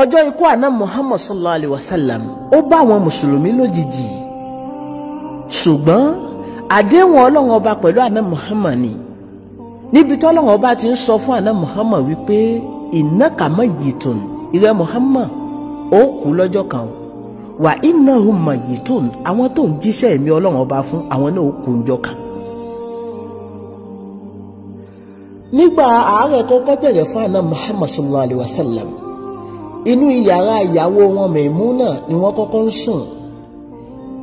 ọjọ́ ikú àná Muhammad sallallahu alayhi wa sallam ó bá àwọn mùsùlùmí lójijì ṣùgbọ́n àdéhùn ọlọ́run ọba pẹ̀lú àná Muhammad ni níbi tí ọlọ́run ọba ti ń sọ fún àná Muhammad wípé innaka mayyitun ìrẹ́ Muhammad ó kú lọ́jọ́ kan wà innahum mayyitun àwọn tó ń jíṣẹ́ ẹ̀mí ọlọ́run ọba fún àwọn náà ó kú ńjọ́ kan. nígbà àárẹ̀ kọ́kọ́ bẹ̀rẹ̀ fún àná Muhammad sallallahu alayhi wa sallam inú iyàrá ìyàwó wọn Maimuna ni wọ́n kọ́kọ́ ń sùn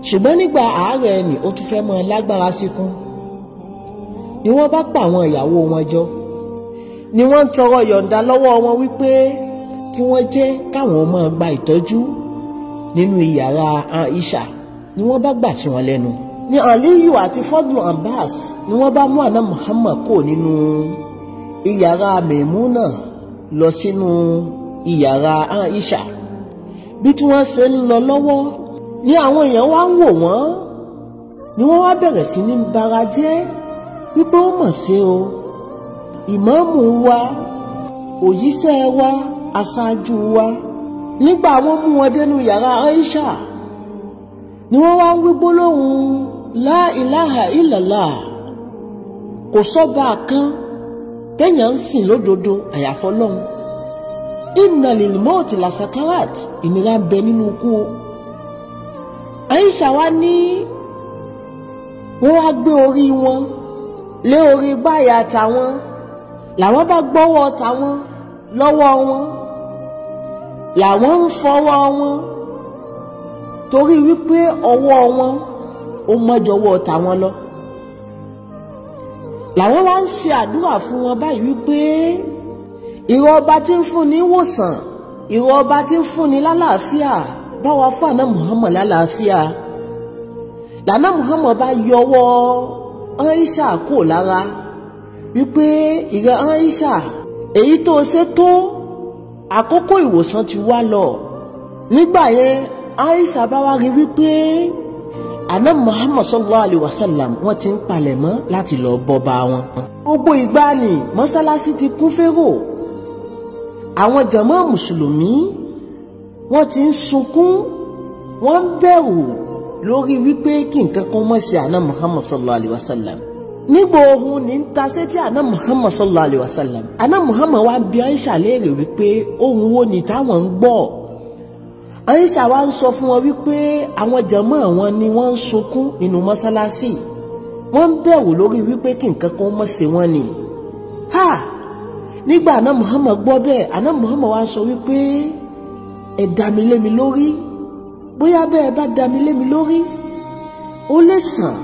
ṣùgbọ́n nígbà àárẹ̀ ni ó tún fẹ́ mọ lágbára síkún ni wọ́n bá pa àwọn ìyàwó wọn jọ ni wọ́n ń tọrọ yọ̀ǹda lọ́wọ́ wọn wípé kí wọ́n jẹ́ káwọn máa gba ìtọ́jú nínú iyàrá Aisha ni wọ́n bá gbà sí wọn lẹ́nu ni Aliyu àti Fadlu Abbas ni wọ́n bá mú àná Muhammad kò nínú iyàrá Maimuna lọ sínú ìyàrá Aisha bí tí wọ́n ṣe ń lọ lọ́wọ́ ni àwọn èèyàn wá ń wò wọ́n ni wọ́n wá bẹ̀rẹ̀ sí ní bara jẹ́ wípé ó mọ̀ sí o ìmáàmù wa òyíṣẹ́ wa aṣáájú wa nígbà wọ́n mú wọn dénú yàrá Aisha ni wọ́n wá ń wí gbólóhùn la ilaha illallah kò sọ́ba kan téèyàn ń sìn lódodo àyàfọ́ lọ́hùn inna lil mọ́ọ̀tì làṣàkàràt ìnira ń bẹ nínú ikú o àyíṣà wa ní wọ́n wá gbé orí wọn lé orí báyà tàwọn làwọn bá gbọ́wọ́ tàwọn lọ́wọ́ wọn làwọn ń fọwọ́ wọn torí wípé ọwọ́ wọn ó mọ́jọwọ́ tàwọn lọ làwọn wá ń ṣe àdúrà fún wọn báyìí wípé ìwọ ọba tí ń fún ní wòsàn ìwọ ọba tí ń fún ní lálàáfíà bá fún àná Muhammad lálàáfíà lànà Muhammad bá yọwọ́ Aisha kò lára wípé ìrẹ Aisha èyí tó ṣe tó àkókò ìwòsàn ti wá lọ nígbà yẹn Aisha bá wá rí wípé àná Muhammad sallallahu alayhi wa sallam wọ́n ti ń palẹ̀mọ́ láti lọ bọba wọn. gbogbo ìgbà ni mọ́sálásí ti kún férò àwọn jàmọ́ mùsùlùmí wọ́n ti ń sunkún wọ́n ń bẹ̀rù lórí wípé kí nǹkan kan mọ̀ sí àná Muhammad sallallahu alayhi wa sallam nígbà ohun ní ń ta sétí àná Muhammad sallallahu alayhi wa sallam àná Muhammad wa bí Aisha léèrè wípé ohun wo ni táwọn ń gbọ́ Aisha wa ń sọ fún wọn wípé àwọn jàmọ́ wọn ni wọ́n ń sunkún nínú mọ́sálásì wọ́n ń bẹ̀rù lórí wípé kí nǹkan kan mọ̀ sí wọn ni. nígbà àná Muhammad gbọ́ bẹ́ẹ̀ àná Muhammad wá sọ wípé ẹ dá mi lé mi lórí bóyá bẹ́ẹ̀ bá dá mi lé mi lórí ó lè sàn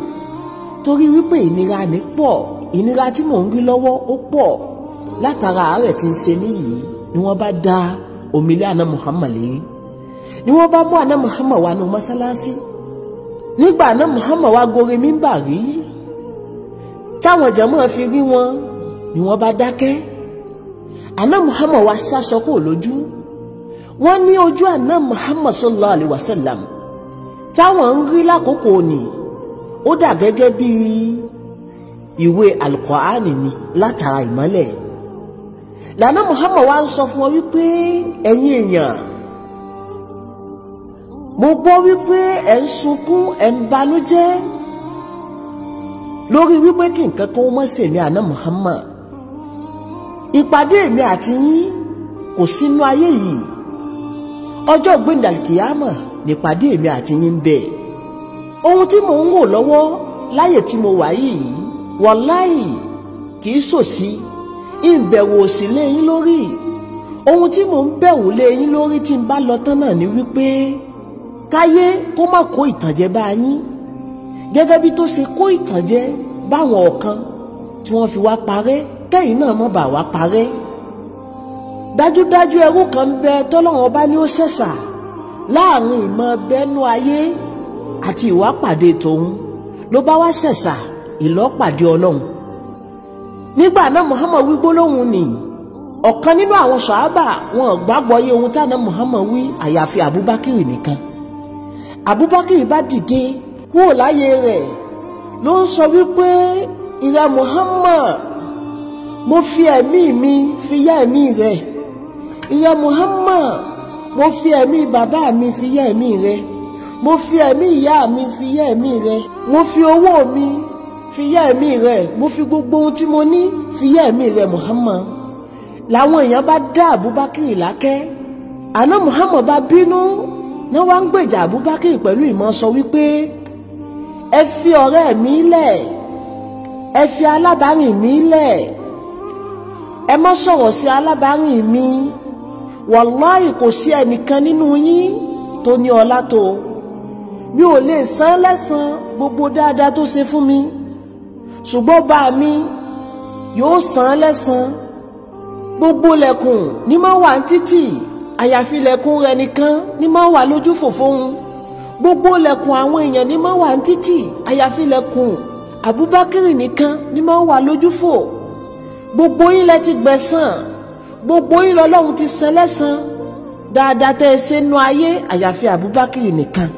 torí wípé ìnira ní pọ̀ ìnira tí mò ń rí lọ́wọ́ ó pọ̀ látara àárẹ̀ tí ń ṣe mí yìí ni wọ́n bá da omi àná Muhammad lérí ni wọ́n bá mú àná Muhammad wá nu mọ́sálásí nígbà àná Muhammad wá gorí mímbà rí táwọn jàmáà fi rí wọn ni wọ́n bá dákẹ́ àná muhammad wa sá sọkò lójú wọ́n ní ojú àná muhammad sallallahu alayhi wa sallam táwọn ń rí lákòókò ni ó dà gẹ́gẹ́ bí ìwé alukọ́ánì ni látara ìmọ́lẹ̀ lànà muhammad wa ń sọ fún ọ wípé ẹ̀yin èèyàn mo gbọ́ wípé ẹ̀ ń sunkún ẹ̀ ń banújẹ́ lórí wípé kí nǹkan kan ó mọ̀ sí àná muhammad ìpàdé èmi àti yín kò sínú ayé yìí ọjọ́ gbẹ̀ndàkìyàmọ̀ nípàdé èmi àti yín ń bẹ ohun tí mò ń wò lọ́wọ́ láyè tí mo wà yìí wọláì kì í sòsí ìbẹ̀wò òsì lé lórí ohun tí mò ń bẹ̀wò lé lórí tí n bá lọ tán náà ni wípé káyé kó má kó ìtànjẹ bá yín gẹ́gẹ́ bí tó ṣe kó ìtànjẹ báwọn ọ̀kan tí wọ́n fi wá parẹ́ kẹ́yìn náà má bàa wá parẹ́ dájúdájú ẹrú kan bẹ tọ́lọ́wọ́n bá ní ó ṣẹ̀ṣà láàrin ìmọ̀ bẹ́nu ayé àti ìwápàdé tòun ló bá wá ṣẹ̀ṣà ìlọ́pàdé ọlọ́run nígbà náà Muhammad wí gbólóhùn ni ọ̀kan nínú àwọn sàábà wọn gbàgbọ́ yé ohun táná Muhammad wí àyàfi Abubakar nìkan Abubakar bá dìde kúrò láyé rẹ̀ ló ń sọ wípé ìrẹ Muhammad mo fi ẹ̀mí mi fi yá ẹ̀mí rẹ̀ ìyẹn Muhammad mo fi ẹ̀mí bàbá mi fi yá ẹ̀mí rẹ̀ mo fi ẹ̀mí ìyá mi fi yá ẹ̀mí rẹ̀ mo fi owó mi fi yá ẹ̀mí rẹ̀ mo fi gbogbo ohun tí mo ní fi yá ẹ̀mí rẹ̀ Muhammad làwọn èèyàn bá dá Abubakar lákẹ́ àná Muhammad bá bínú náà wá ń gbèjà Abubakar pẹ̀lú ìmọ̀ sọ wípé ẹ fi ọ̀rẹ́ mi lẹ̀ ẹ fi alábàárìn mi lẹ̀ ẹ má sọ̀rọ̀ sí alábàárìn mi wàláì kò sí ẹnìkan nínú yín tó ní ọlá tó mi ò lè san lẹ́san gbogbo dáadáa tó ṣe fún mi ṣùgbọ́n bá mi yóò san lẹ́san gbogbo lẹ̀kùn ní máa wà ní títì àyàfi lẹ̀kùn rẹ̀ nìkan ní máa wà lójú fòfóun gbogbo lẹ̀kùn àwọn èèyàn ní máa wà ní títì àyàfi lẹ̀kùn Abubakar nìkan ní máa wà lójú fòfóun gbogbo yín lẹ ti gbẹ̀san gbogbo yín lọ́lọ́run ti san lẹ́san dáadáa tẹ́ ẹ ṣe nú ayé àyàfi Abubakar nìkan.